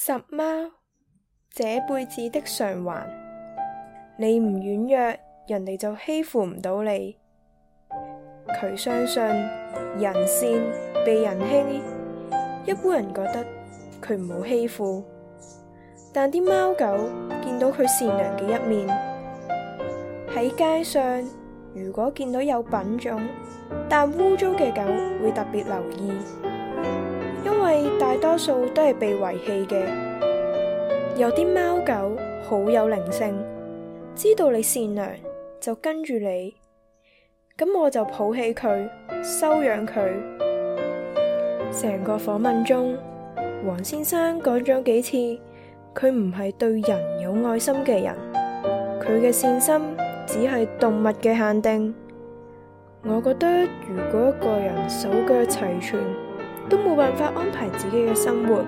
拾貓，這輩子的償還。你唔軟弱，人哋就欺負唔到你。佢相信人善被人欺，一般人覺得佢冇欺負，但啲貓狗見到佢善良嘅一面，喺街上如果見到有品種但污糟嘅狗，會特別留意，因為。多數都係被遺棄嘅，有啲貓狗好有靈性，知道你善良就跟住你，咁我就抱起佢，收養佢。成個訪問中，黃先生講咗幾次，佢唔係對人有愛心嘅人，佢嘅善心只係動物嘅限定。我覺得如果一個人手腳齊全。都冇辦法安排自己嘅生活，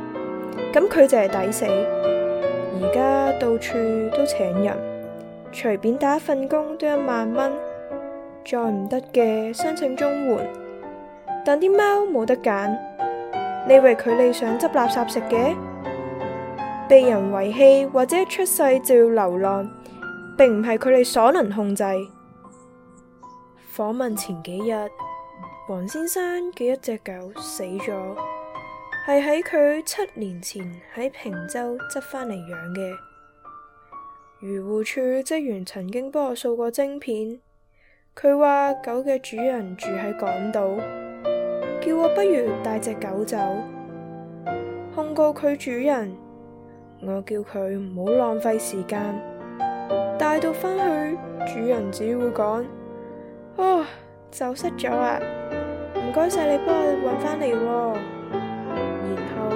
咁佢就係抵死。而家到處都請人，隨便打一份工都一萬蚊，再唔得嘅申請綜援，但啲貓冇得揀。你以為佢哋想執垃圾食嘅？被人遺棄或者出世就要流浪，並唔係佢哋所能控制。訪問前幾日。黃先生嘅一隻狗死咗，係喺佢七年前喺平洲執返嚟養嘅。漁護處職員曾經幫我掃過晶片，佢話狗嘅主人住喺港島，叫我不如帶隻狗走，控告佢主人。我叫佢唔好浪費時間，帶到返去，主人只會講：啊、哦，走失咗啊！唔該晒你幫我搵返嚟，然後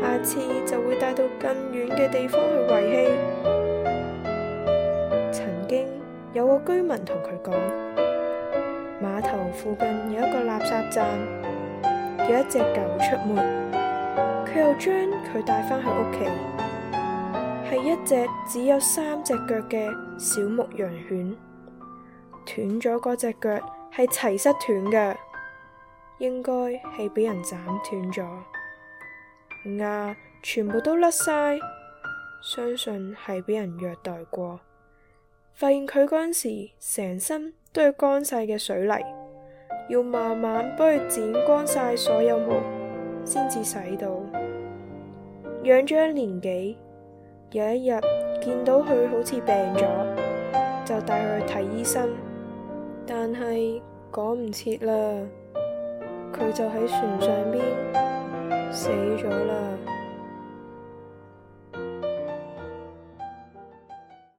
下次就會帶到更遠嘅地方去遺棄。曾經有個居民同佢講，碼頭附近有一個垃圾站，有一隻狗出沒，佢又將佢帶返去屋企，係一隻只有三隻腳嘅小牧羊犬，斷咗嗰隻腳係齊膝斷嘅。應該係俾人斬斷咗，牙全部都甩晒，相信係俾人虐待過。發現佢嗰陣時，成身都要乾晒嘅水泥，要慢慢幫佢剪乾晒所有毛，先至洗到。養咗一年幾，有一日見到佢好似病咗，就帶佢去睇醫生，但係趕唔切啦。佢就喺船上邊死咗啦。